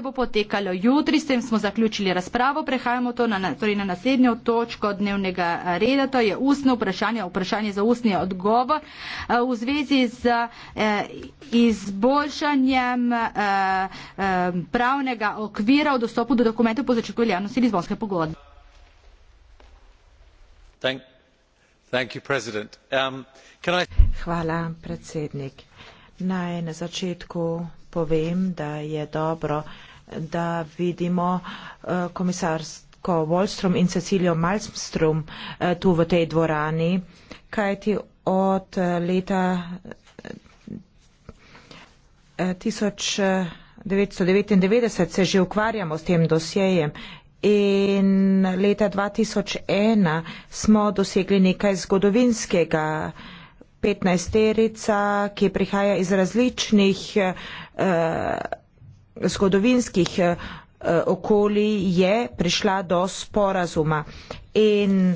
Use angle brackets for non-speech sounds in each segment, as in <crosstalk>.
ki bo potekalo jutri. S tem smo zaključili razpravo. Prehajamo to na, torej na naslednjo točko dnevnega eh, reda. To je ustno vprašanje, vprašanje za ustni odgovor eh, v zvezi z eh, izboljšanjem pravnega okvira v dostopu do dokumentov po začetku veljavnosti Lizbonske pogodbe. Thank you, um, can I... Hvala, predsednik. Naj na začetku povem, da je dobro, da vidimo eh, komisarsko Wallstrom in Cecilijo Malmstrom eh, tu v tej dvorani, kajti od eh, leta 1999 se že ukvarjamo s tem dosjejem in leta 2001 smo dosegli nekaj zgodovinskega. 15 terica, ki prihaja iz različnih eh, zgodovinskih eh, eh, okoli je prišla do sporazuma. In,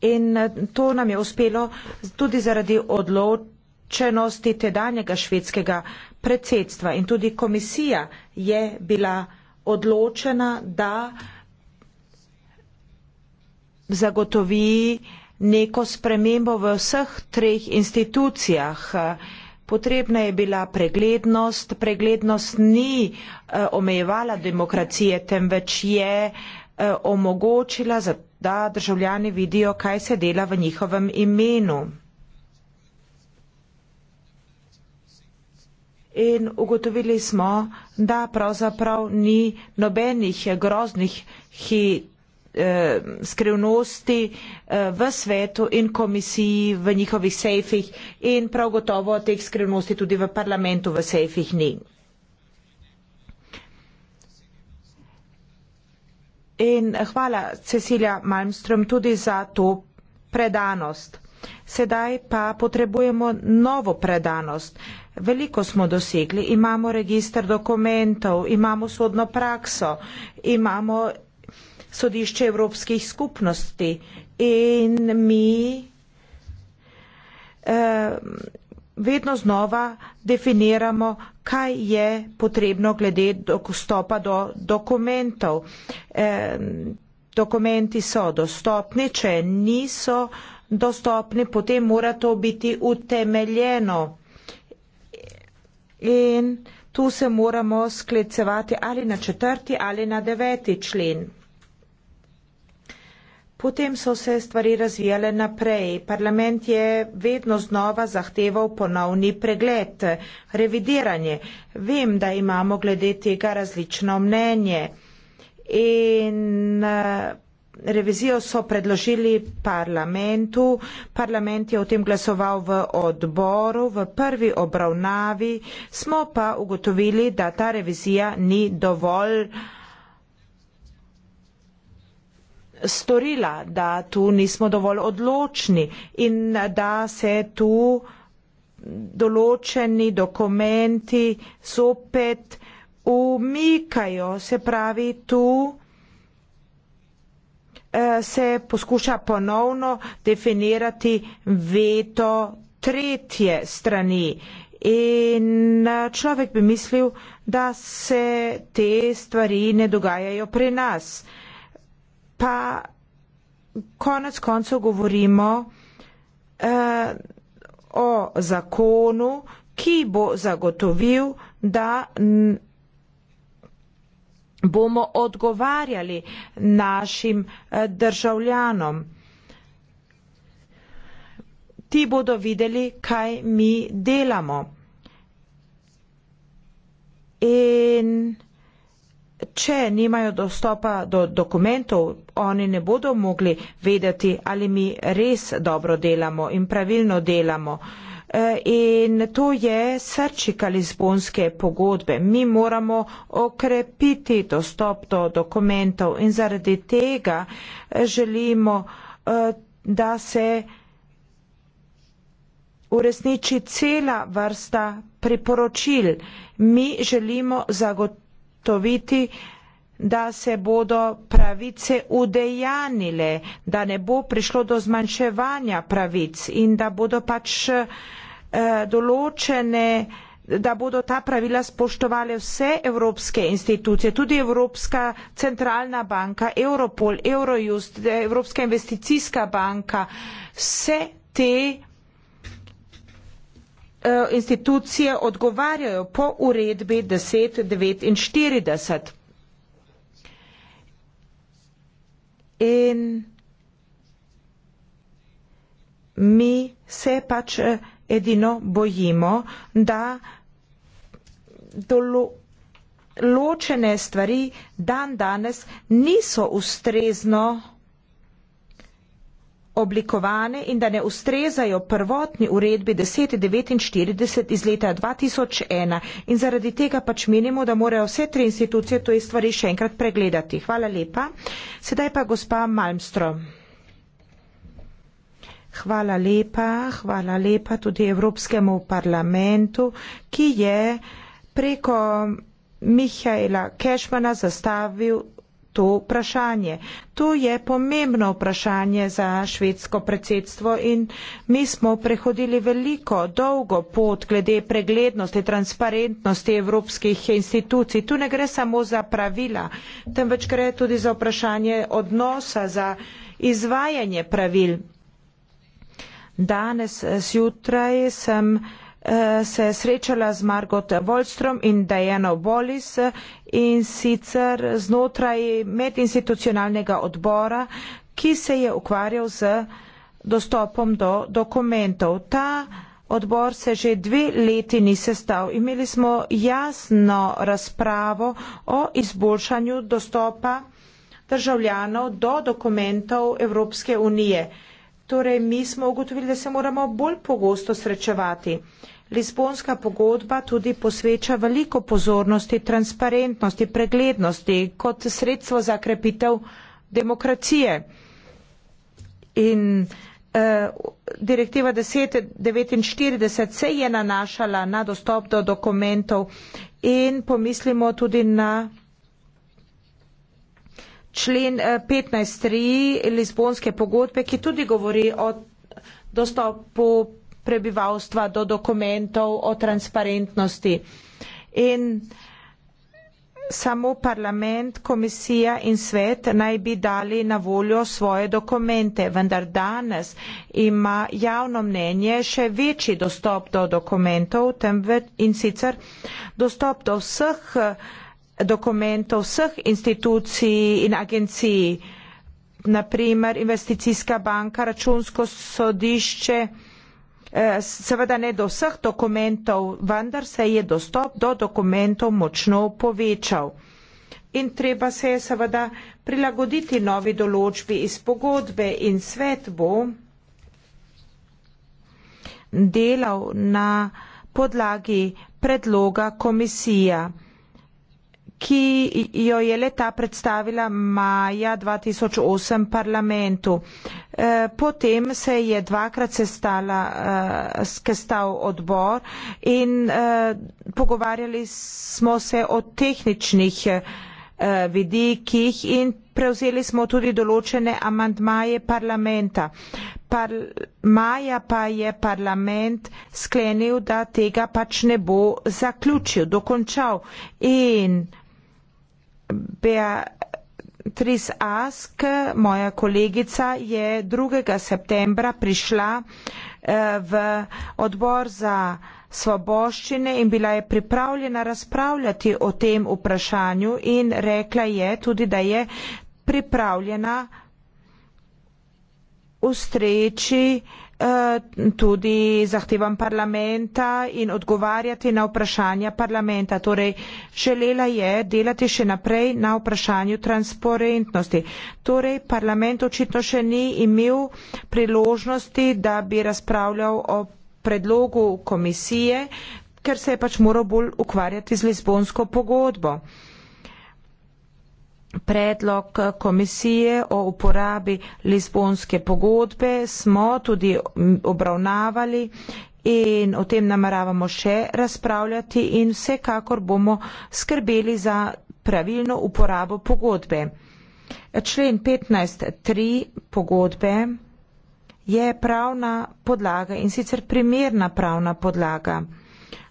in eh, to nam je uspelo tudi zaradi odločenosti tedanjega švedskega predsedstva. In tudi komisija je bila odločena, da zagotovi neko spremembo v vseh treh institucijah. Potrebna je bila preglednost. Preglednost ni eh, omejevala demokracije, temveč je eh, omogočila, da državljani vidijo, kaj se dela v njihovem imenu. In ugotovili smo, da pravzaprav ni nobenih groznih hitrosti Eh, skrivnosti eh, v svetu in komisiji v njihovih sejfih in prav gotovo teh skrivnosti tudi v parlamentu v sejfih ni. In hvala Cecilija Malmström tudi za to predanost. Sedaj pa potrebujemo novo predanost. Veliko smo dosegli, imamo registr dokumentov, imamo sodno prakso, imamo sodišče Evropskih skupnosti in mi eh, vedno znova definiramo, kaj je potrebno glede dostopa do dokumentov. Eh, dokumenti so dostopni, če niso dostopni, potem mora to biti utemeljeno. In tu se moramo sklicevati ali na četrti ali na deveti člen. Potem so se stvari razvijale naprej. Parlament je vedno znova zahteval ponovni pregled, revidiranje. Vem, da imamo glede tega različno mnenje. In eh, revizijo so predložili parlamentu. Parlament je o tem glasoval v odboru, v prvi obravnavi. Smo pa ugotovili, da ta revizija ni dovolj storila, da tu nismo dovolj odločni in da se tu določeni dokumenti zopet umikajo. Se pravi, tu eh, se poskuša ponovno definirati veto tretje strani. In eh, človek bi mislil, da se te stvari ne dogajajo pri nas pa konec koncev govorimo eh, o zakonu, ki bo zagotovil, da bomo odgovarjali našim eh, državljanom. Ti bodo videli, kaj mi delamo. In če nimajo dostopa do dokumentov, oni ne bodo mogli vedeti, ali mi res dobro delamo in pravilno delamo. Eh, in to je srčik Lizbonske pogodbe. Mi moramo okrepiti dostop do dokumentov in zaradi tega eh, želimo, eh, da se uresniči cela vrsta priporočil. Mi želimo zagotoviti zagotoviti, da se bodo pravice udejanile, da ne bo prišlo do zmanjševanja pravic in da bodo pač eh, določene, da bodo ta pravila spoštovale vse evropske institucije, tudi Evropska centralna banka, Europol, Eurojust, Evropska investicijska banka, vse te Eh, institucije odgovarjajo po uredbi 1049. In mi se pač eh, edino bojimo, da določene stvari dan danes niso ustrezno oblikovane in da ne ustrezajo prvotni uredbi 1049 iz leta 2001 in zaradi tega pač menimo, da morajo vse tri institucije to stvari še enkrat pregledati. Hvala lepa. Sedaj pa gospa Malmstrom. Hvala lepa, hvala lepa tudi Evropskemu parlamentu, ki je preko Mihajla Kešmana zastavil to vprašanje. To je pomembno vprašanje za švedsko predsedstvo in mi smo prehodili veliko, dolgo pot glede preglednosti, transparentnosti evropskih institucij. Tu ne gre samo za pravila, temveč gre tudi za vprašanje odnosa, za izvajanje pravil. Danes eh, zjutraj sem eh, se srečala z Margot Volstrom in Diana Bolis eh, in sicer znotraj medinstitucionalnega odbora, ki se je ukvarjal z dostopom do dokumentov. Ta odbor se že dve leti ni sestav. Imeli smo jasno razpravo o izboljšanju dostopa državljanov do dokumentov Evropske unije. Torej, mi smo ugotovili, da se moramo bolj pogosto srečevati. Lizbonska pogodba tudi posveča veliko pozornosti, transparentnosti, preglednosti kot sredstvo za krepitev demokracije. In eh, direktiva 1049 se je nanašala na dostop do dokumentov in pomislimo tudi na člen eh, 15.3 Lizbonske pogodbe, ki tudi govori o dostopu prebivalstva do dokumentov o transparentnosti. In samo parlament, komisija in svet naj bi dali na voljo svoje dokumente, vendar danes ima javno mnenje še večji dostop do dokumentov temveč, in sicer dostop do vseh eh, dokumentov vseh institucij in agencij, naprimer investicijska banka, računsko sodišče, Eh, seveda ne do vseh dokumentov, vendar se je dostop do dokumentov močno povečal. In treba se je seveda prilagoditi novi določbi iz pogodbe in svet bo delal na podlagi predloga komisija ki jo je leta predstavila maja 2008 parlamentu. Eh, potem se je dvakrat sestala, skestal eh, odbor in eh, pogovarjali smo se o tehničnih vidikih in prevzeli smo tudi določene amandmaje parlamenta. Par, maja pa je parlament sklenil, da tega pač ne bo zaključil, dokončal in Bea. Tris Ask, moja kolegica, je 2. septembra prišla eh, v odbor za svoboščine in bila je pripravljena razpravljati o tem vprašanju in rekla je tudi, da je pripravljena ustreči Eh, tudi zahtevam parlamenta in odgovarjati na vprašanja parlamenta. Torej, želela je delati še naprej na vprašanju transparentnosti. Torej, parlament očitno še ni imel priložnosti, da bi razpravljal o predlogu komisije, ker se je pač moral bolj ukvarjati z Lizbonsko pogodbo predlog komisije o uporabi Lizbonske pogodbe smo tudi obravnavali in o tem nameravamo še razpravljati in vsekakor bomo skrbeli za pravilno uporabo pogodbe. Člen 15.3 pogodbe je pravna podlaga in sicer primerna pravna podlaga.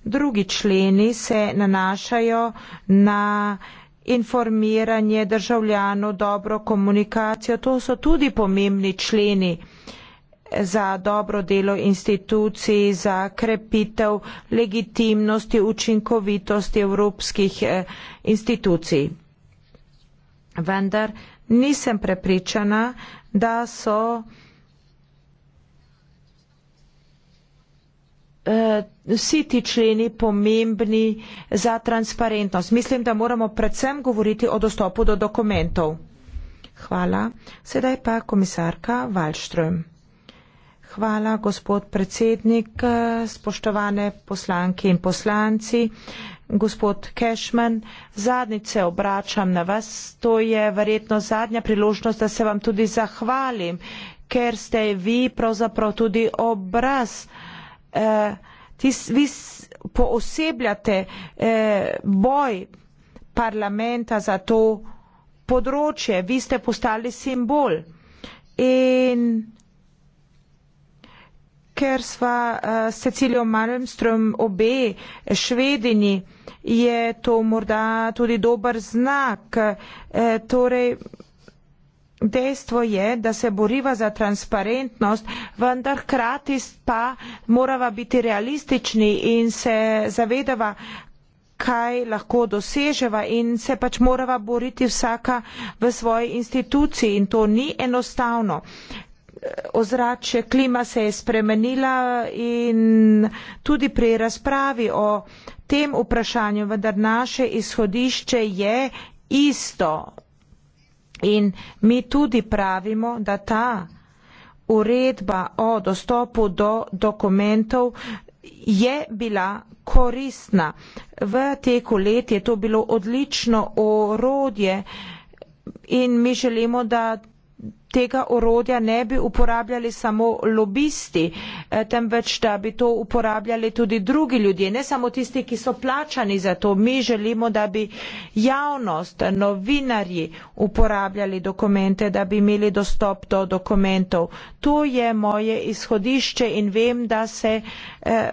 Drugi členi se nanašajo na informiranje državljanov, dobro komunikacijo, to so tudi pomembni členi za dobro delo institucij, za krepitev legitimnosti, učinkovitosti evropskih eh, institucij. Vendar nisem prepričana, da so Eh, vsi ti členi pomembni za transparentnost. Mislim, da moramo predvsem govoriti o dostopu do dokumentov. Hvala. Sedaj pa komisarka Valštrum. Hvala, gospod predsednik, spoštovane poslanke in poslanci. Gospod Kešman, zadnjič se obračam na vas. To je verjetno zadnja priložnost, da se vam tudi zahvalim, ker ste vi pravzaprav tudi obraz eh, tis, vi poosebljate eh, boj parlamenta za to področje, vi ste postali simbol. In ker sva eh, s Cecilijo Malmström obe švedini, je to morda tudi dober znak. Eh, torej, dejstvo je, da se boriva za transparentnost, vendar hkrati pa morava biti realistični in se zavedava, kaj lahko doseževa in se pač morava boriti vsaka v svoji instituciji in to ni enostavno. Ozračje klima se je spremenila in tudi pri razpravi o tem vprašanju, vendar naše izhodišče je isto. In mi tudi pravimo, da ta uredba o dostopu do dokumentov je bila koristna. V teku let je to bilo odlično orodje in mi želimo, da tega orodja ne bi uporabljali samo lobisti, eh, temveč da bi to uporabljali tudi drugi ljudje, ne samo tisti, ki so plačani za to. Mi želimo, da bi javnost, novinarji uporabljali dokumente, da bi imeli dostop do dokumentov. To je moje izhodišče in vem, da se eh,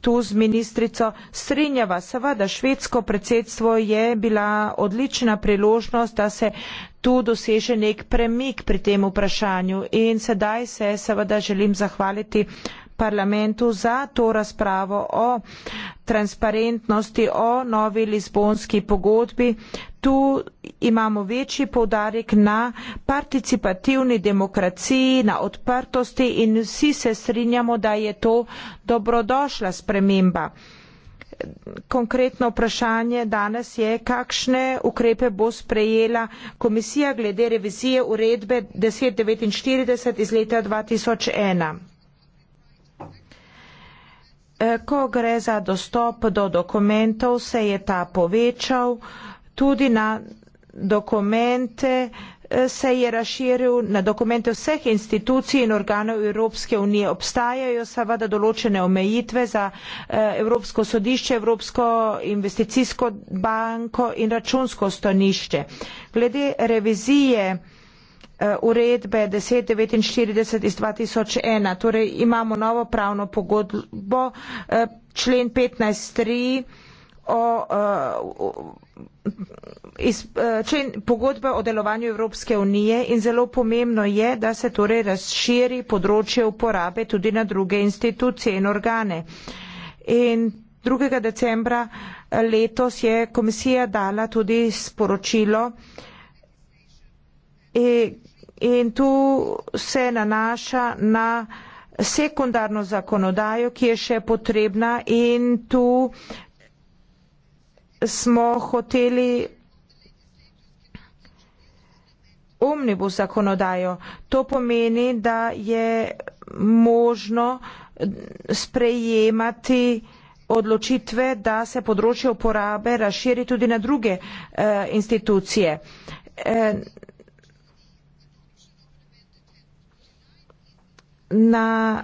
tu z ministrico strinjava. Seveda, švedsko predsedstvo je bila odlična priložnost, da se tu doseže nek premik pri tem vprašanju. In sedaj se seveda želim zahvaliti parlamentu za to razpravo o transparentnosti, o novi lizbonski pogodbi, tu imamo večji povdarek na participativni demokraciji, na odprtosti in vsi se strinjamo, da je to dobrodošla sprememba. Konkretno vprašanje danes je, kakšne ukrepe bo sprejela komisija glede revizije uredbe 1049 iz leta 2001. Eh, ko gre za dostop do dokumentov, se je ta povečal, tudi na dokumente eh, se je razširil na dokumente vseh institucij in organov Evropske unije. Obstajajo seveda določene omejitve za eh, Evropsko sodišče, Evropsko investicijsko banko in računsko stonišče. Glede revizije eh, uredbe 1049 iz 2001, torej imamo novo pravno pogodbo, člen 153 o, o eh, iz, eh, člen pogodbe o delovanju Evropske unije in zelo pomembno je, da se torej razširi področje uporabe tudi na druge institucije in organe. In 2. decembra letos je komisija dala tudi sporočilo e, in tu se nanaša na sekundarno zakonodajo, ki je še potrebna in tu smo hoteli omnibu zakonodajo. To pomeni, da je možno sprejemati odločitve, da se področje uporabe razširi tudi na druge uh, institucije. Uh, na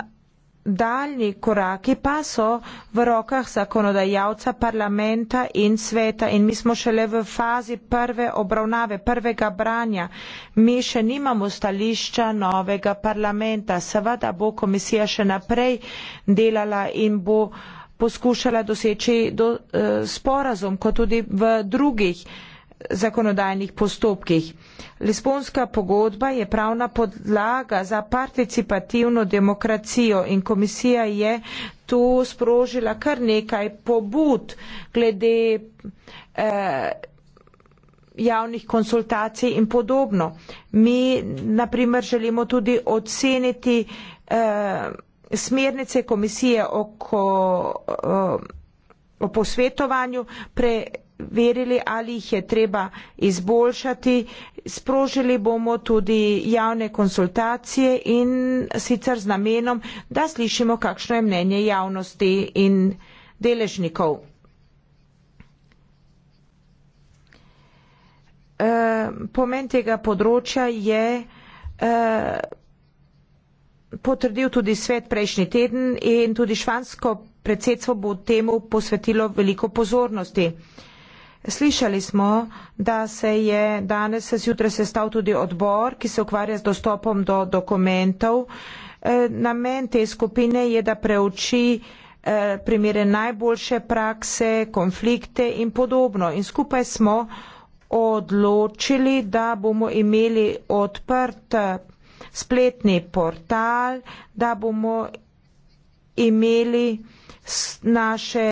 daljni koraki pa so v rokah zakonodajalca parlamenta in sveta in mi smo šele v fazi prve obravnave, prvega branja. Mi še nimamo stališča novega parlamenta. Seveda bo komisija še naprej delala in bo poskušala doseči do, eh, sporazum, kot tudi v drugih eh, zakonodajnih postopkih. Lisbonska pogodba je pravna podlaga za participativno demokracijo in komisija je tu sprožila kar nekaj pobud glede eh, javnih konsultacij in podobno. Mi naprimer želimo tudi oceniti eh, smernice komisije oko, eh, o posvetovanju pre verili, ali jih je treba izboljšati. Sprožili bomo tudi javne konsultacije in sicer z namenom, da slišimo, kakšno je mnenje javnosti in deležnikov. E, pomen tega področja je e, potrdil tudi svet prejšnji teden in tudi švansko predsedstvo bo temu posvetilo veliko pozornosti. E, Slišali smo, da se je danes zjutraj sestav tudi odbor, ki se ukvarja z dostopom do dokumentov. E, namen te skupine je, da preuči e, primere najboljše prakse, konflikte in podobno. In skupaj smo odločili, da bomo imeli odprt e, spletni portal, da bomo imeli naše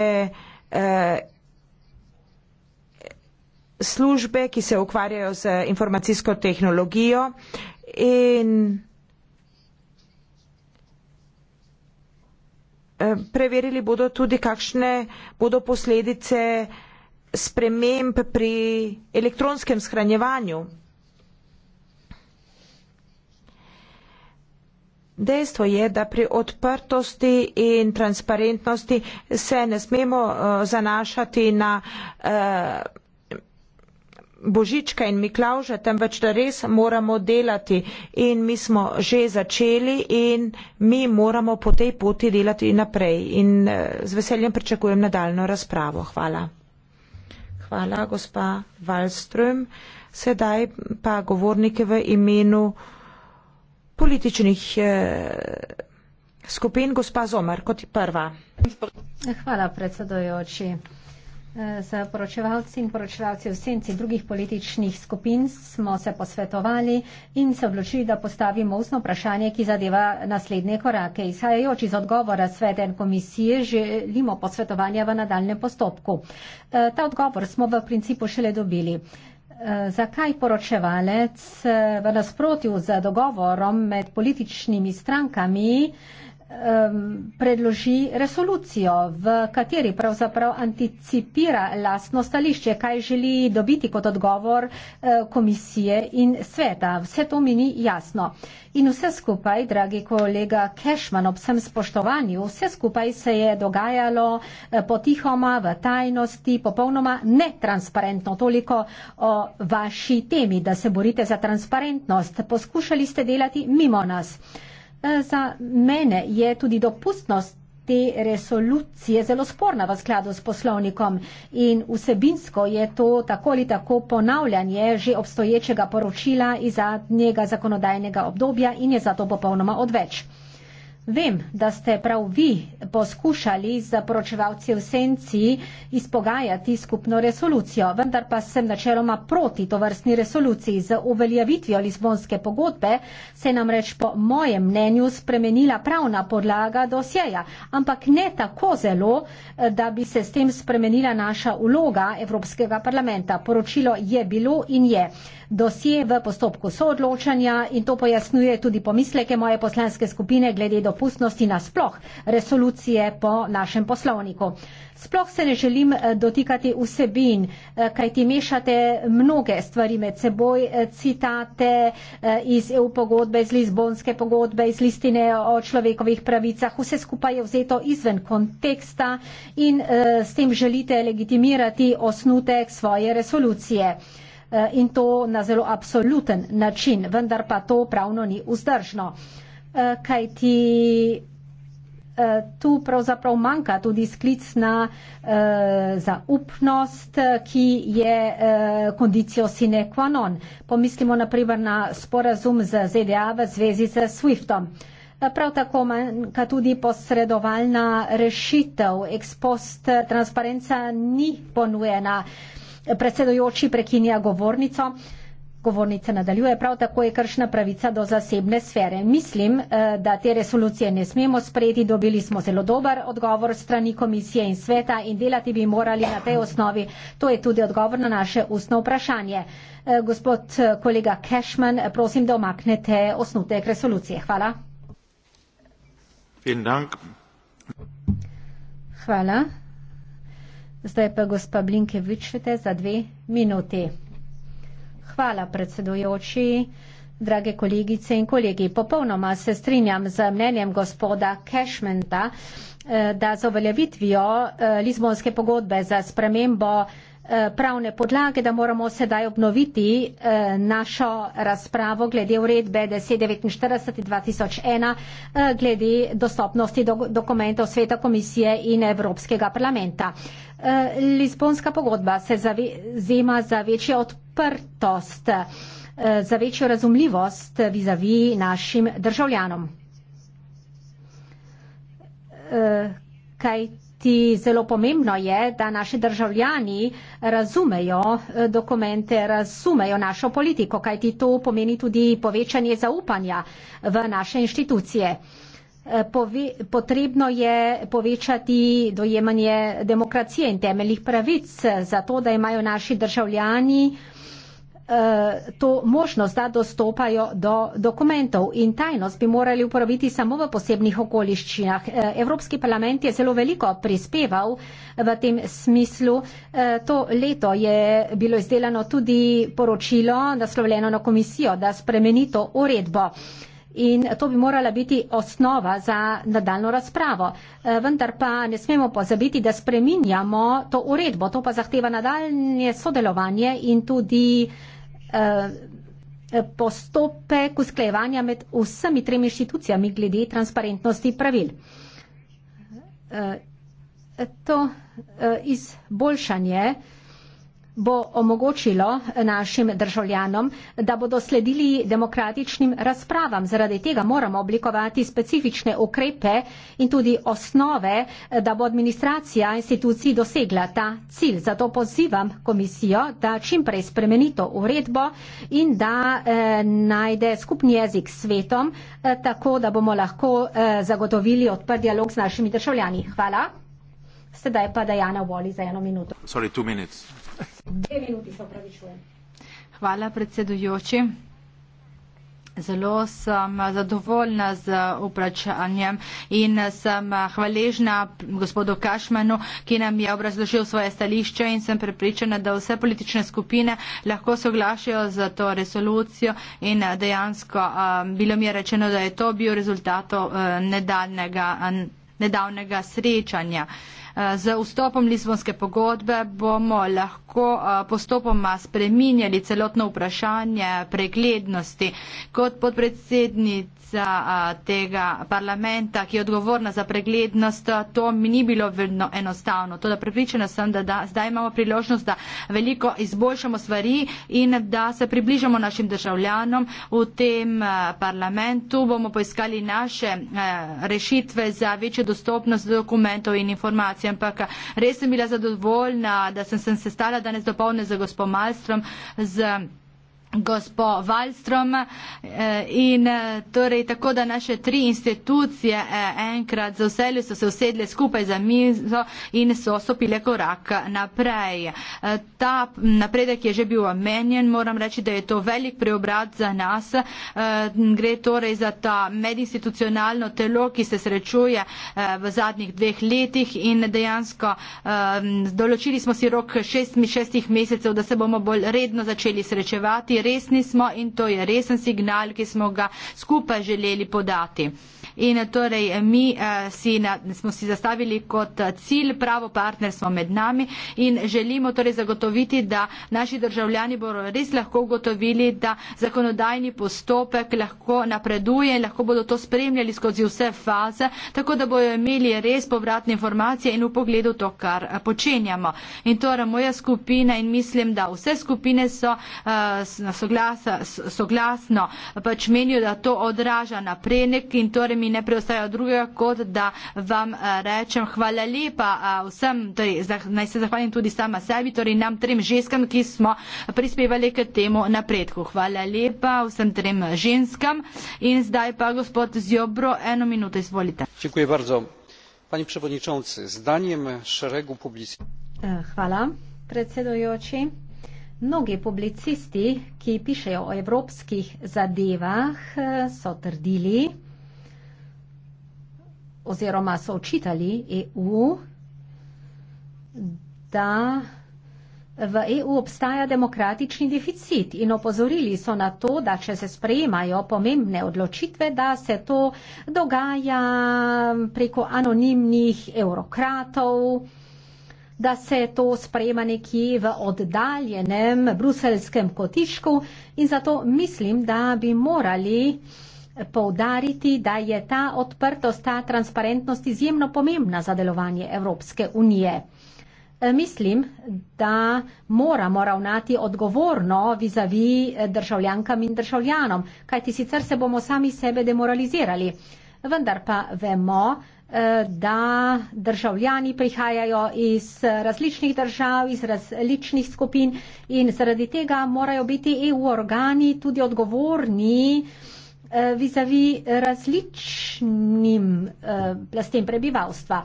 službe, ki se ukvarjajo z informacijsko tehnologijo in eh, preverili bodo tudi, kakšne bodo posledice sprememb pri elektronskem shranjevanju. Dejstvo je, da pri odprtosti in transparentnosti se ne smemo uh, zanašati na uh, Božička in Miklauža, temveč da res moramo delati in mi smo že začeli in mi moramo po tej poti delati naprej in eh, z veseljem pričakujem nadaljno razpravo. Hvala. Hvala, gospa Valström. Sedaj pa govornike v imenu političnih eh, skupin, gospa Zomer, kot prva. Hvala, predsedojoči. Z e, poročevalci in poročevalci v senci drugih političnih skupin smo se posvetovali in se odločili, da postavimo ustno vprašanje, ki zadeva naslednje korake. Izhajajoč iz odgovora Svete in komisije želimo posvetovanja v nadaljem postopku. E, ta odgovor smo v principu šele dobili. E, zakaj poročevalec v nasprotju z dogovorom med političnimi strankami um, predloži resolucijo, v kateri pravzaprav anticipira lastno stališče, kaj želi dobiti kot odgovor uh, komisije in sveta. Vse to mi ni jasno. In vse skupaj, dragi kolega Kešman, ob vsem spoštovanju, vse skupaj se je dogajalo uh, potihoma, v tajnosti, popolnoma netransparentno. Toliko o vaši temi, da se borite za transparentnost. Poskušali ste delati mimo nas. Eh, za mene je tudi dopustnost te resolucije zelo sporna v skladu s poslovnikom in vsebinsko je to tako ali tako ponavljanje že obstoječega poročila iz zadnjega zakonodajnega obdobja in je zato popolnoma odveč. Vem, da ste prav vi poskušali z poročevalci v senci izpogajati skupno resolucijo, vendar pa sem načeloma proti to vrstni resoluciji. Z uveljavitvijo Lizbonske pogodbe se je namreč po mojem mnenju spremenila pravna podlaga dosjeja, ampak ne tako zelo, da bi se s tem spremenila naša uloga Evropskega parlamenta. Poročilo je bilo in je dosje v postopku soodločanja in to pojasnjuje tudi pomisleke moje poslanske skupine glede dopustnosti nasploh resolucije po našem poslovniku. Sploh se ne želim eh, dotikati vsebin, eh, kaj ti mešate mnoge stvari med seboj, eh, citate iz EU pogodbe, iz Lizbonske pogodbe, iz listine o človekovih pravicah, vse skupaj je vzeto izven konteksta in s tem želite legitimirati osnutek svoje resolucije. Eh, in to na zelo absoluten način, vendar pa to pravno ni vzdržno. Eh, Kaj ti eh, tu pravzaprav manjka tudi sklic na zaupnost, ki je kondicijo sine qua non. Pomislimo naprimer na sporazum z ZDA v zvezi z SWIFTom. Prav tako manjka tudi posredovalna rešitev. Ex post transparenca ni ponujena predsedujoči prekinja govornico. Govornica nadaljuje, prav tako je kršna pravica do zasebne sfere. Mislim, eh, da te resolucije ne smemo sprejeti, dobili smo zelo dober odgovor strani komisije in sveta in delati bi morali na tej osnovi. To je tudi odgovor na naše ustno vprašanje. Eh, gospod eh, kolega Cashman, prosim, da omaknete osnutek resolucije. Hvala. Hvala. Zdaj pa gospa Blinke Vičete za dve minuti. Hvala predsedojoči, drage kolegice in kolegi. Popolnoma se strinjam z mnenjem gospoda Cashmenta, eh, da z uveljavitvijo eh, Lizbonske pogodbe za spremembo Eh, pravne podlage, da moramo sedaj obnoviti eh, našo razpravo glede uredbe 1049-2001 eh, glede dostopnosti dokumentov Sveta komisije in Evropskega parlamenta. Lisbonska pogodba se zavzema za večjo odprtost, za večjo razumljivost vizavi našim državljanom. Kaj Kajti zelo pomembno je, da naši državljani razumejo eh, dokumente, razumejo našo politiko, kajti to pomeni tudi povečanje zaupanja v naše inštitucije. Eh, pove, potrebno je povečati dojemanje demokracije in temeljih pravic, eh, zato da imajo naši državljani Eh, to možnost, da dostopajo do dokumentov in tajnost bi morali uporabiti samo v posebnih okoliščinah. Eh, Evropski parlament je zelo veliko prispeval v tem smislu. Eh, to leto je bilo izdelano tudi poročilo, naslovljeno na komisijo, da spremeni to uredbo. In to bi morala biti osnova za nadaljno razpravo. Vendar pa ne smemo pozabiti, da spreminjamo to uredbo. To pa zahteva nadaljne sodelovanje in tudi uh, Eh, postopek usklajevanja med vsemi tremi inštitucijami glede transparentnosti pravil. Eh, to eh, izboljšanje bo omogočilo našim državljanom, da bodo sledili demokratičnim razpravam. Zaradi tega moramo oblikovati specifične ukrepe in tudi osnove, da bo administracija institucij dosegla ta cilj. Zato pozivam komisijo, da čimprej spremeni to uredbo in da eh, najde skupni jezik s svetom, eh, tako da bomo lahko eh, zagotovili odprt dialog z našimi državljani. Hvala. Sedaj pa Dajana voli za eno minuto. Sorry, Dve minuti se opravičujem. Hvala, predsedujoči. Zelo sem zadovoljna z vprašanjem in sem hvaležna gospodu Kašmanu, ki nam je obrazložil svoje stališče in sem prepričana, da vse politične skupine lahko soglašajo z to resolucijo in dejansko bilo mi je rečeno, da je to bil rezultat nedavnega srečanja. Eh, z vstopom Lizbonske pogodbe bomo lahko eh, postopoma spreminjali celotno vprašanje preglednosti. Kot podpredsednica predsednica tega parlamenta, ki je odgovorna za preglednost, to mi ni bilo vedno enostavno. Toda prepričana sem, da, da zdaj imamo priložnost, da veliko izboljšamo stvari in da se približamo našim državljanom v tem parlamentu. Bomo poiskali naše rešitve za večjo dostopnost dokumentov in informacij. Ampak res sem bila zadovoljna, da sem se stala danes dopolne z gospod Malstrom, z gospo Valstrom eh, in eh, torej tako, da naše tri institucije eh, enkrat za vse so se usedle skupaj za mizo in so stopile korak naprej. Ta napredek je že bil omenjen, moram reči, da je to velik preobrat za nas. Gre torej za ta medinstitucionalno telo, ki se srečuje v zadnjih dveh letih in dejansko določili smo si rok šest, šestih mesecev, da se bomo bolj redno začeli srečevati resni smo in to je resen signal, ki smo ga skupaj želeli podati. In eh, torej mi eh, si na, smo si zastavili kot eh, cilj pravo partnerstvo med nami in želimo torej zagotoviti, da naši državljani bodo res lahko ugotovili, da zakonodajni postopek lahko napreduje in lahko bodo to spremljali skozi vse faze, tako da bodo imeli res povratne informacije in v pogledu to, kar počenjamo. In torej moja skupina in mislim, da vse skupine so uh, na soglasno pač menijo, da to odraža naprenek in torej mi ne preostaja drugega kot, da vam eh, rečem hvala lepa eh, vsem, torej naj se zahvalim tudi sama sebi, torej nam trem ženskam, ki smo prispevali k temu napredku. Hvala lepa vsem trem ženskam in zdaj pa gospod Zjobro, eno minuto izvolite. Dziękuję bardzo. Pani przewodniczący, zdaniem szeregu publicznego. Hvala, predsedujoči. Mnogi publicisti, ki pišejo o evropskih zadevah, eh, so trdili oziroma so očitali EU, da v EU obstaja demokratični deficit in opozorili so na to, da če se sprejemajo pomembne odločitve, da se to dogaja preko anonimnih eurokratov da se to sprejema nekje v oddaljenem bruseljskem kotišku in zato mislim, da bi morali povdariti, da je ta odprtost, ta transparentnost izjemno pomembna za delovanje Evropske unije. E, mislim, da moramo ravnati odgovorno vizavi državljankam in državljanom, kajti sicer se bomo sami sebe demoralizirali. Vendar pa vemo, Eh, da državljani prihajajo iz različnih držav, iz različnih skupin in zaradi tega morajo biti EU organi tudi odgovorni eh, vizavi različnim eh, plastem prebivalstva.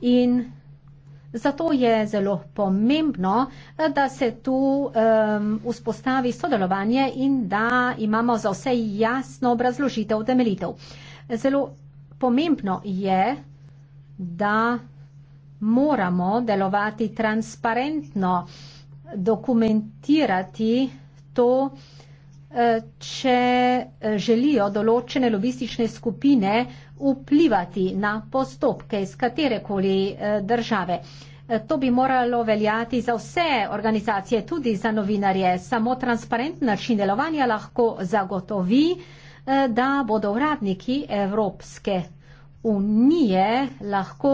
In zato je zelo pomembno, da se tu vzpostavi sodelovanje in da imamo za vse jasno obrazložitev, temeljitev. Zelo pomembno je, da moramo delovati transparentno, dokumentirati to, eh, če eh, želijo določene lobistične skupine vplivati na postopke iz katerekoli eh, države. To bi moralo veljati za vse organizacije, tudi za novinarje. Samo transparentni način delovanja lahko zagotovi, Eh, da bodo uradniki Evropske unije lahko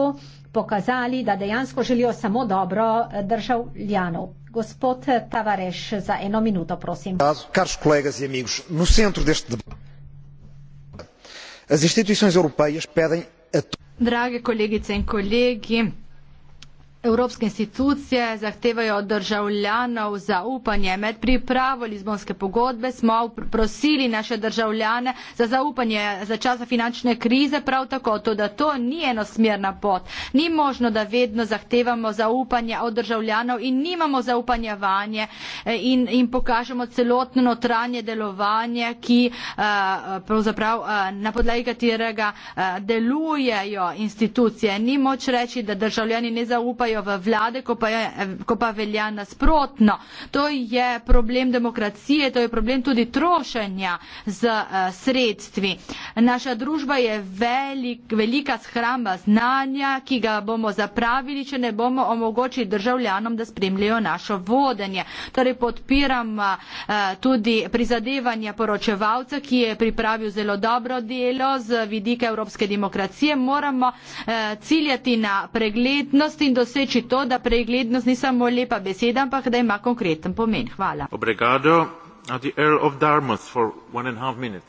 pokazali, da dejansko želijo samo dobro eh, državljanov. Gospod Tavareš, za eno minuto, prosim. Karš kolega in e amigos, no centru deste debate. As instituciones europeias pedem a... Drage kolegice in kolegi, Evropske institucije zahtevajo od državljanov zaupanje. Med pripravo Lizbonske pogodbe smo prosili naše državljane za zaupanje za časa finančne krize, prav tako to, da to ni enosmerna pot. Ni možno, da vedno zahtevamo zaupanje od državljanov in nimamo zaupanja vanje eh, in, in pokažemo celotno notranje delovanje, ki eh, pravzaprav eh, na podlagi katerega delujejo institucije. Ni moč reči, da državljani ne zaupajo zaupajo v vlade, ko pa, je, ko pa velja nasprotno. To je problem demokracije, to je problem tudi trošenja z eh, sredstvi. Naša družba je velik, velika shramba znanja, ki ga bomo zapravili, če ne bomo omogočili državljanom, da spremljajo našo vodenje. Torej podpiram eh, tudi prizadevanja poročevalca, ki je pripravil zelo dobro delo z vidika evropske demokracije. Moramo eh, ciljati na preglednost in dosežnost doseči to, da preglednost ni samo lepa beseda, ampak da ima konkreten pomen. Hvala. Obrigado. The Earl of Dartmouth for one and a half minutes.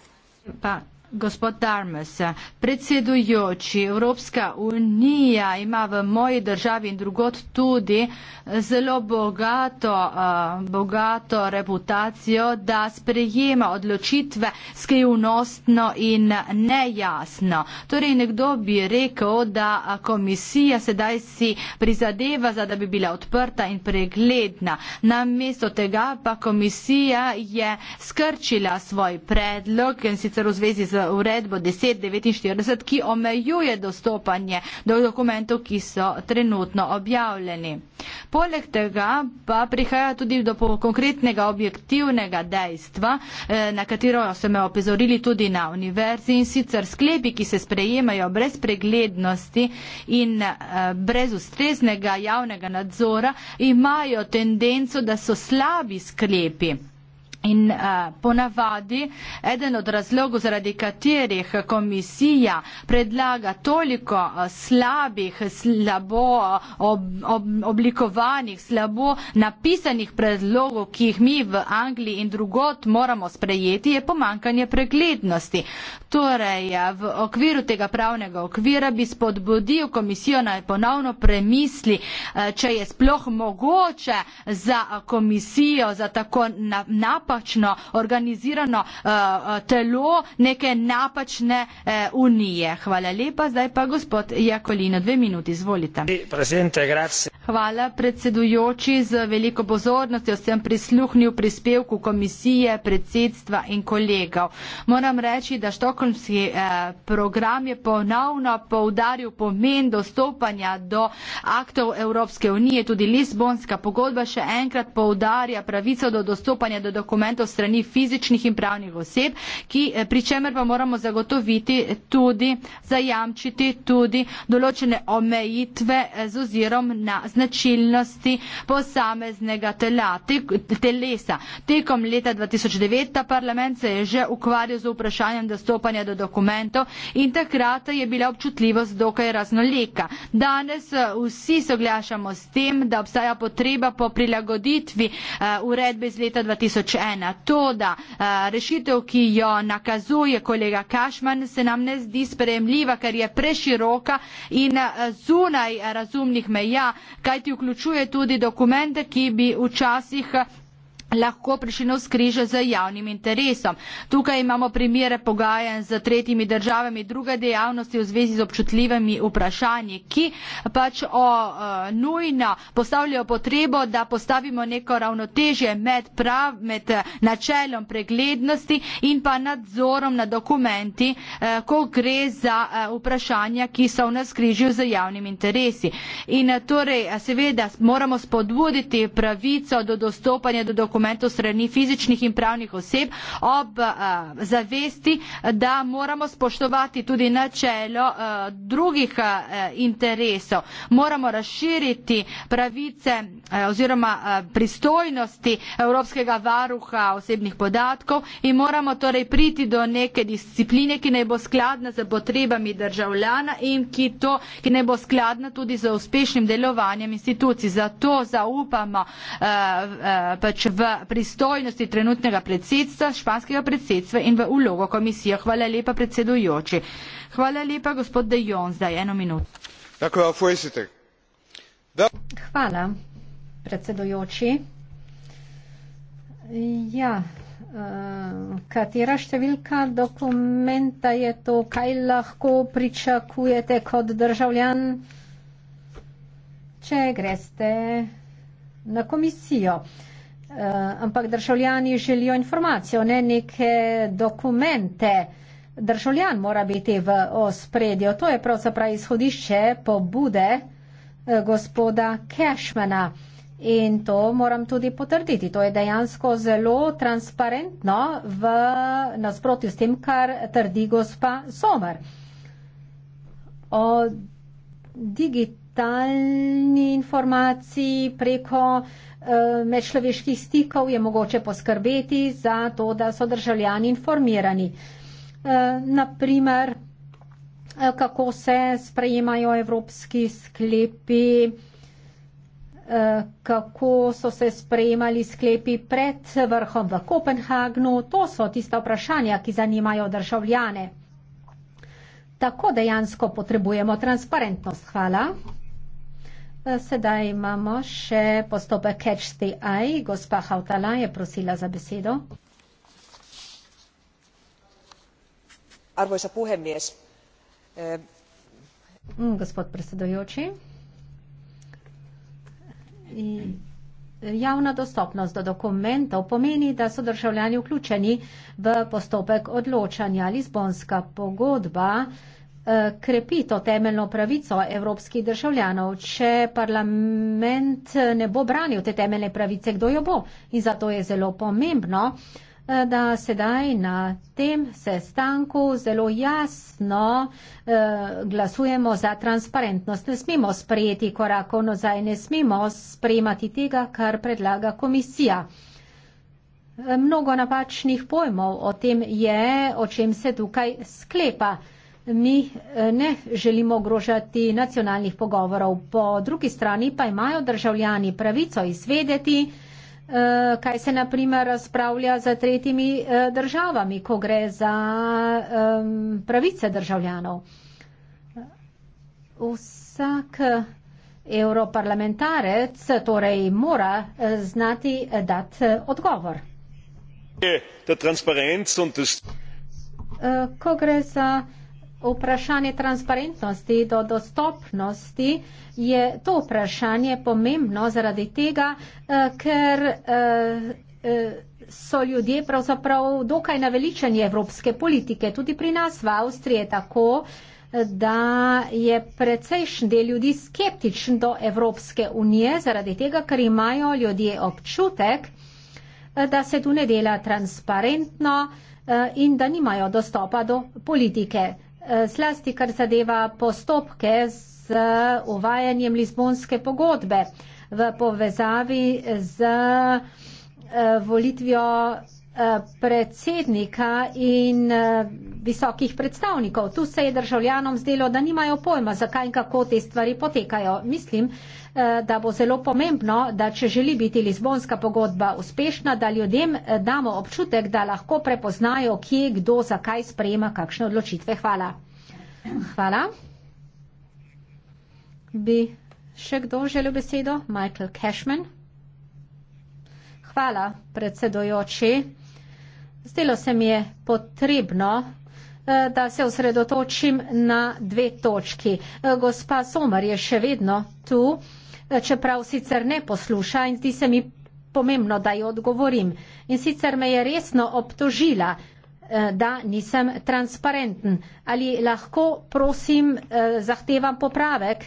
Pa. Gospod Darmes, predsedujoči, Evropska unija ima v moji državi in drugot tudi zelo bogato, uh, bogato reputacijo, da sprejema odločitve skrivnostno in nejasno. Torej, nekdo bi rekel, da komisija sedaj si prizadeva, za da bi bila odprta in pregledna. Namesto tega pa komisija je skrčila svoj predlog in sicer v zvezi z uredbo 1049, ki omejuje dostopanje do dokumentov, ki so trenutno objavljeni. Poleg tega pa prihaja tudi do konkretnega objektivnega dejstva, eh, na katero so me opozorili tudi na univerzi in sicer sklepi, ki se sprejemajo brez preglednosti in eh, brez ustreznega javnega nadzora, imajo tendenco, da so slabi sklepi. In uh, ponavadi, eden od razlogov, zaradi katerih komisija predlaga toliko uh, slabih, slabo eh, ob, ob, oblikovanih, slabo napisanih predlogov, ki jih mi v Angliji in drugot moramo sprejeti, je pomankanje preglednosti. Torej, v okviru tega pravnega okvira bi spodbudil komisijo naj ponovno premisli, uh, če je sploh mogoče za komisijo, za tako na, napačno, napačno organizirano eh, eh, telo neke napačne eh, unije. Hvala lepa, zdaj pa gospod Jakolino, dve minuti, izvolite. Hvala predsedujoči, z veliko pozornostjo sem prisluhnil prispevku komisije, predsedstva in kolegov. Moram reči, da štokholmski program je ponovno poudaril pomen dostopanja do aktov Evropske unije, tudi Lisbonska pogodba še enkrat poudarja pravico do dostopanja do dokumentov dokumentov strani fizičnih in pravnih oseb, ki, eh, pri čemer pa moramo zagotoviti tudi, zajamčiti tudi določene omejitve eh, z ozirom na značilnosti posameznega tela, te, telesa. Tekom leta 2009 ta parlament se je že ukvarjal z vprašanjem dostopanja do dokumentov in takrat je bila občutljivost dokaj raznolika. Danes eh, vsi soglašamo s tem, da obstaja potreba po prilagoditvi uh, uredbe iz leta 2001 na to, da a, eh, rešitev, ki jo nakazuje kolega Kašman, se nam ne zdi sprejemljiva, ker je preširoka in eh, zunaj eh, razumnih meja, kaj ti vključuje tudi dokumente, ki bi včasih lahko prišli na skriže z javnim interesom. Tukaj imamo primere pogajanj z tretjimi državami, druge dejavnosti v zvezi z občutljivimi vprašanji, ki pač o, e, nujno postavljajo potrebo, da postavimo neko ravnotežje med, prav, med e, načelom preglednosti in pa nadzorom na dokumenti, e, ko gre za vprašanja, ki so v naskrižju z javnim interesi. In torej, seveda, moramo spodbuditi pravico do dostopanja do dokumentov, dokumentov strani fizičnih in pravnih oseb ob uh, zavesti, da moramo spoštovati tudi načelo uh, drugih uh, interesov. Moramo razširiti pravice uh, oziroma uh, pristojnosti Evropskega varuha osebnih podatkov in moramo torej priti do neke discipline, ki naj bo skladna z potrebami državljana in ki, to, ki naj bo skladna tudi z uspešnim delovanjem institucij. Zato zaupamo uh, uh, pač v pristojnosti trenutnega predsedstva, španskega predsedstva in v ulogo komisije. Hvala lepa, predsedujoči. Hvala lepa, gospod De Jong, zdaj eno minuto. Ja, Hvala, predsedujoči. Ja, eh, katera številka dokumenta je to, kaj lahko pričakujete kot državljan, če greste na komisijo? Eh, ampak državljani želijo informacijo, ne neke dokumente. Državljan mora biti v ospredju. To je pravzaprav izhodišče pobude eh, gospoda Cashmana. In to moram tudi potrditi. To je dejansko zelo transparentno v nasprotju s tem, kar trdi gospa Somer. O digitalni informaciji preko uh, Eh, medčloveških stikov je mogoče poskrbeti za to, da so državljani informirani. Eh, Naprimer, eh, kako se sprejemajo evropski sklepi, kako so se sprejemali sklepi pred vrhom v Kopenhagnu, to so tista vprašanja, ki zanimajo državljane. Tako dejansko potrebujemo transparentnost. Hvala. Sedaj imamo še postopek Catch the Eye. Gospa Hautala je prosila za besedo. Arvoisa puhemies. Eh, mm, gospod predsedujoči. Javna dostopnost do dokumentov pomeni, da so državljani vključeni v postopek odločanja. Lizbonska pogodba Eh, krepi to temeljno pravico evropskih državljanov. Če parlament ne bo branil te temeljne pravice, kdo jo bo? In zato je zelo pomembno, eh, da sedaj na tem sestanku zelo jasno eh, glasujemo za transparentnost. Ne smemo sprejeti korakov nazaj, ne smemo sprejemati tega, kar predlaga komisija. Mnogo napačnih pojmov o tem je, o čem se tukaj sklepa mi eh, ne želimo ogrožati nacionalnih pogovorov. Po drugi strani pa imajo državljani pravico izvedeti, eh, kaj se naprimer razpravlja za tretjimi eh, državami, ko gre za pravice državljanov. Vsak europarlamentarec torej mora znati dati odgovor. Ko gre za Vprašanje transparentnosti do dostopnosti je to vprašanje pomembno zaradi tega, eh, ker eh, eh, so ljudje pravzaprav dokaj naveličanje evropske politike. Tudi pri nas v Avstriji je tako, da je precejšen del ljudi skeptičen do Evropske unije zaradi tega, ker imajo ljudje občutek, da se tu ne dela transparentno in da nimajo dostopa do politike slasti eh, kar zadeva postopke z eh, uvajanjem Lizbonske pogodbe v povezavi z eh, volitvijo Eh, predsednika in eh, visokih predstavnikov. Tu se je državljanom zdelo, da nimajo pojma, zakaj in kako te stvari potekajo. Mislim, eh, da bo zelo pomembno, da če želi biti Lizbonska pogodba uspešna, da ljudem damo občutek, da lahko prepoznajo, kje, kdo, zakaj sprejema kakšne odločitve. Hvala. Hvala. Bi še kdo želel besedo? Michael Cashman. Hvala, predsedojoči. Zdelo se mi je potrebno, eh, da se osredotočim na dve točki. Eh, gospa Somar je še vedno tu, eh, čeprav sicer ne posluša in zdi se mi pomembno, da ji odgovorim. In sicer me je resno obtožila, da nisem transparenten. Ali lahko, prosim, zahtevam popravek?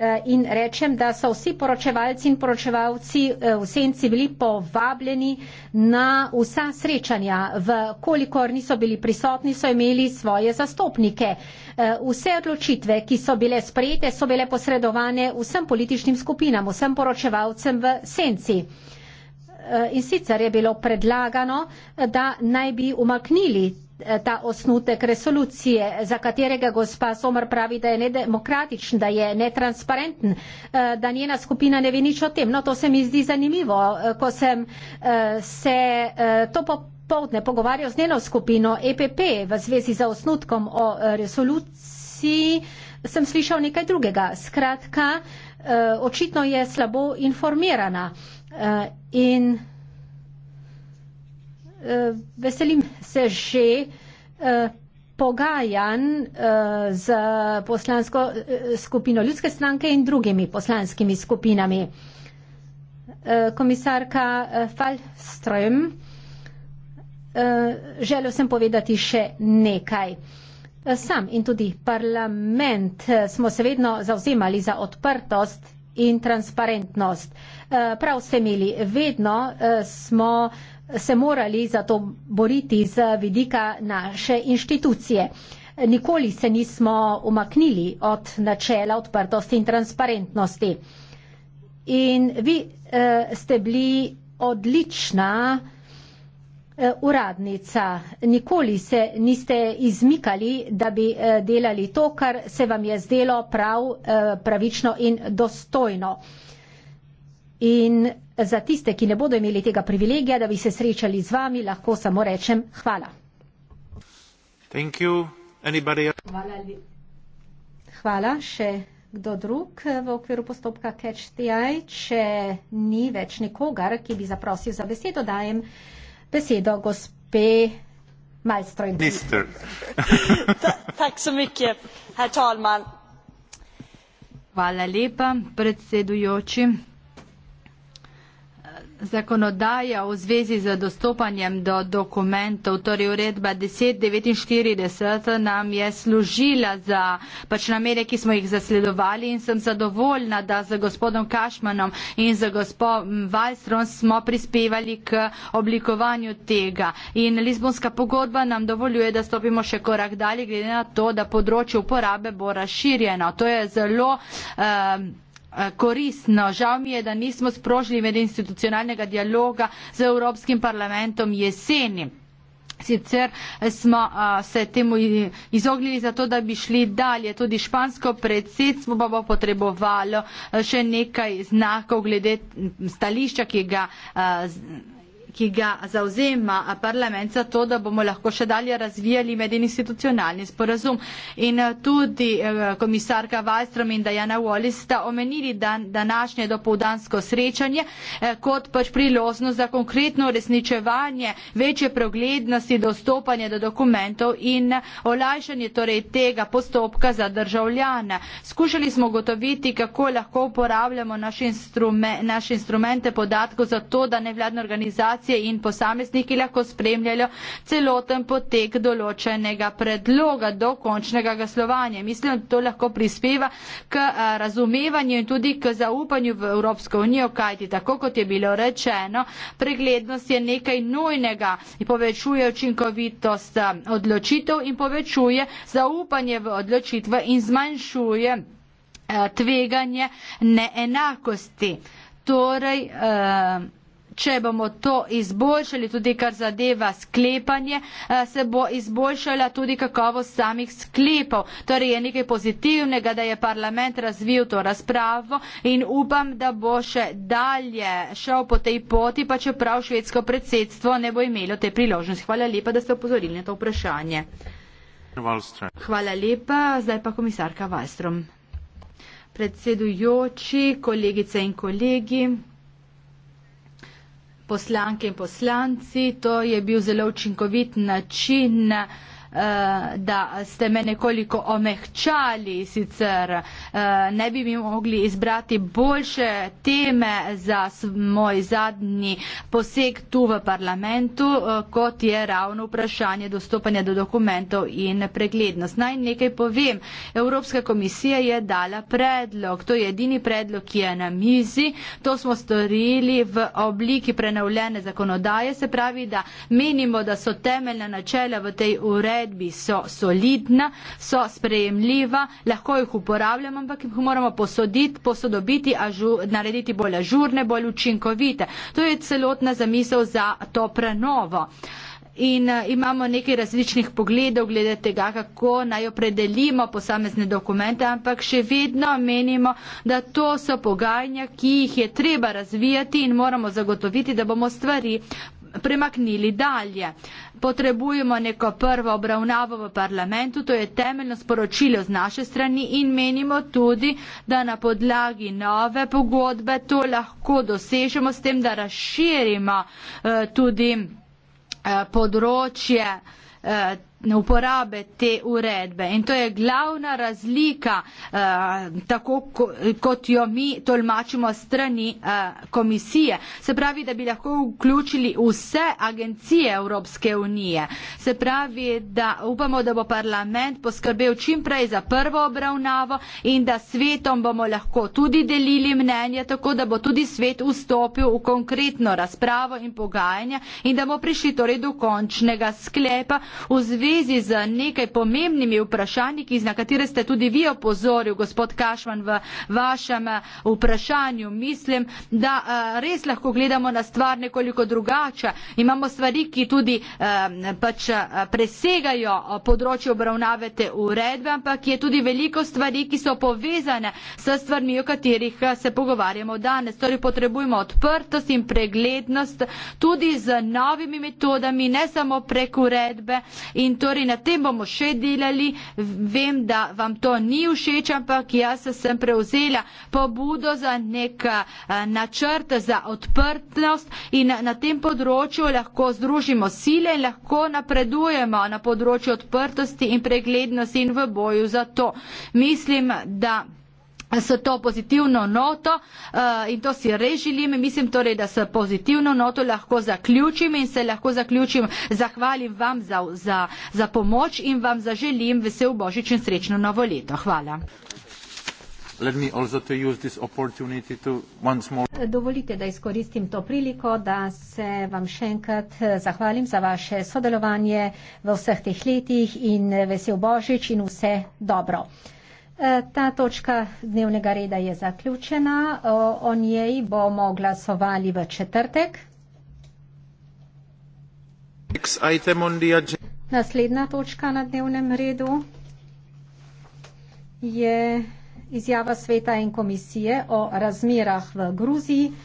Eh, in rečem, da so vsi poročevalci in poročevalci eh, v senci bili povabljeni na vsa srečanja. Kolikor niso bili prisotni, so imeli svoje zastopnike. Eh, vse odločitve, ki so bile sprejete, so bile posredovane vsem političnim skupinam, vsem poročevalcem v senci. In sicer je bilo predlagano, da naj bi umaknili Eh, ta osnutek resolucije, za katerega gospa Somr pravi, da je nedemokratičen, da je netransparenten, eh, da njena skupina ne ve nič o tem. No, to se mi zdi zanimivo, eh, ko sem se to popovdne pogovarjal z njeno skupino EPP v zvezi za osnutkom o resoluciji, sem slišal nekaj drugega. Skratka, očitno je slabo informirana. In Eh, veselim se že eh, pogajanj eh, z poslansko skupino ljudske stranke in drugimi poslanskimi skupinami. Komisarka Falström, želel sem povedati še nekaj. Sam in tudi parlament smo se vedno zauzemali za odprtost in transparentnost. Prav ste imeli, vedno smo se morali za to boriti z vidika naše inštitucije. Nikoli se nismo umaknili od načela odprtosti in transparentnosti. In vi eh, ste bili odlična eh, uradnica. Nikoli se niste izmikali, da bi eh, delali to, kar se vam je zdelo prav, eh, pravično in dostojno. Eh, In za tiste, ki ne bodo imeli tega privilegija, da bi se srečali z vami, lahko samo rečem hvala. Hvala. hvala. Še kdo drug eh, v okviru postopka Catch the Eye? Če ni več nikogar, ki bi zaprosil za besedo, dajem besedo gospe. <laughs> Hvala lepa, predsedujoči zakonodaja v zvezi z dostopanjem do dokumentov, torej uredba 1049 nam je služila za pač namere, ki smo jih zasledovali in sem zadovoljna, da z gospodom Kašmanom in z gospodom Valstrom smo prispevali k oblikovanju tega. In Lizbonska pogodba nam dovoljuje, da stopimo še korak dalje, glede na to, da področje uporabe bo razširjeno. To je zelo. Uh, Eh, koristno. Žal mi je, da nismo sprožili medinstitucionalnega dialoga z Evropskim parlamentom jeseni. Sicer smo a, eh, se temu izognili zato, da bi šli dalje. Tudi špansko predsedstvo pa bo potrebovalo eh, še nekaj znakov glede stališča, ki ga. A, ki ga zauzema parlament za to, da bomo lahko še dalje razvijali medinstitucionalni sporazum. In eh, tudi eh, komisarka Wallström in Diana Wallis sta omenili dan, današnje dopoldansko srečanje eh, kot pač priložnost za konkretno resničevanje večje preglednosti dostopanja do dokumentov in olajšanje torej tega postopka za državljane. Skušali smo gotoviti, kako lahko uporabljamo naše instrume, naš instrumente podatkov za to, da nevladne organizacije organizacije in posamezniki lahko spremljajo celoten potek določenega predloga do končnega glasovanja. Mislim, da to lahko prispeva k eh, razumevanju in tudi k zaupanju v Evropsko unijo, kajti tako kot je bilo rečeno, preglednost je nekaj nujnega in povečuje učinkovitost eh, odločitev in povečuje zaupanje v odločitve in zmanjšuje eh, tveganje neenakosti. Torej, uh če bomo to izboljšali, tudi kar zadeva sklepanje, eh, se bo izboljšala tudi kakovost samih sklepov. Torej je nekaj pozitivnega, da je parlament razvil to razpravo in upam, da bo še dalje šel po tej poti, pa čeprav švedsko predsedstvo ne bo imelo te priložnosti. Hvala lepa, da ste opozorili na to vprašanje. Hvala lepa. Zdaj pa komisarka Valstrom. Predsedujoči, kolegice in kolegi poslanke in poslanci. To je bil zelo učinkovit način. Na uh, da ste me nekoliko omehčali, sicer uh, ne bi mi mogli izbrati boljše teme za moj zadnji poseg tu v parlamentu, uh, kot je ravno vprašanje dostopanja do dokumentov in preglednost. Naj nekaj povem. Evropska komisija je dala predlog, to je edini predlog, ki je na mizi. To smo storili v obliki prenovljene zakonodaje, se pravi, da menimo, da so temeljna načela v tej uredi, izvedbi so solidna, so sprejemljiva, lahko jih uporabljamo, ampak jih moramo posoditi, posodobiti, ažu, narediti bolj ažurne, bolj učinkovite. To je celotna zamisel za to prenovo. In eh, imamo nekaj različnih pogledov glede tega, kako naj opredelimo posamezne dokumente, ampak še vedno menimo, da to so pogajanja, ki jih je treba razvijati in moramo zagotoviti, da bomo stvari premaknili dalje. Potrebujemo neko prvo obravnavo v parlamentu, to je temeljno sporočilo z naše strani in menimo tudi, da na podlagi nove pogodbe to lahko dosežemo s tem, da razširimo uh, tudi uh, področje uh, uporabe te uredbe in to je glavna razlika, eh, tako ko, kot jo mi tolmačimo strani eh, komisije. Se pravi, da bi lahko vključili vse agencije Evropske unije. Se pravi, da upamo, da bo parlament poskrbel čimprej za prvo obravnavo in da svetom bomo lahko tudi delili mnenje, tako da bo tudi svet vstopil v konkretno razpravo in pogajanje in da bomo prišli torej do končnega sklepa v zvezi zvezi z nekaj pomembnimi vprašanji, na katere ste tudi vi opozoril, gospod Kašman, v vašem eh, vprašanju. Mislim, da eh, res lahko gledamo na stvar nekoliko drugače. Imamo stvari, ki tudi pač eh, presegajo področje obravnave te uredbe, ampak je tudi veliko stvari, ki so povezane s stvarmi, o katerih se pogovarjamo danes. Torej potrebujemo odprtost in preglednost tudi z novimi metodami, ne samo prek uredbe in torej na tem bomo še delali. Vem, da vam to ni všeč, ampak jaz sem prevzela pobudo za nek eh, načrt za odprtnost in na tem področju lahko združimo sile in lahko napredujemo na področju odprtosti in preglednosti in v boju za to. Mislim, da s to pozitivno noto uh, in to si res želim. Mislim torej, da s pozitivno noto lahko zaključim in se lahko zaključim. Zahvalim vam za, za, za pomoč in vam zaželim vesel božič in srečno novo leto. Hvala. Dovolite, da izkoristim to priliko, da se vam še enkrat eh, zahvalim za vaše sodelovanje v vseh teh letih in eh, vesel božič in vse dobro. E, ta točka dnevnega reda je zaključena. O, o njej bomo glasovali v četrtek. Naslednja točka na dnevnem redu je izjava sveta in komisije o razmerah v Gruziji.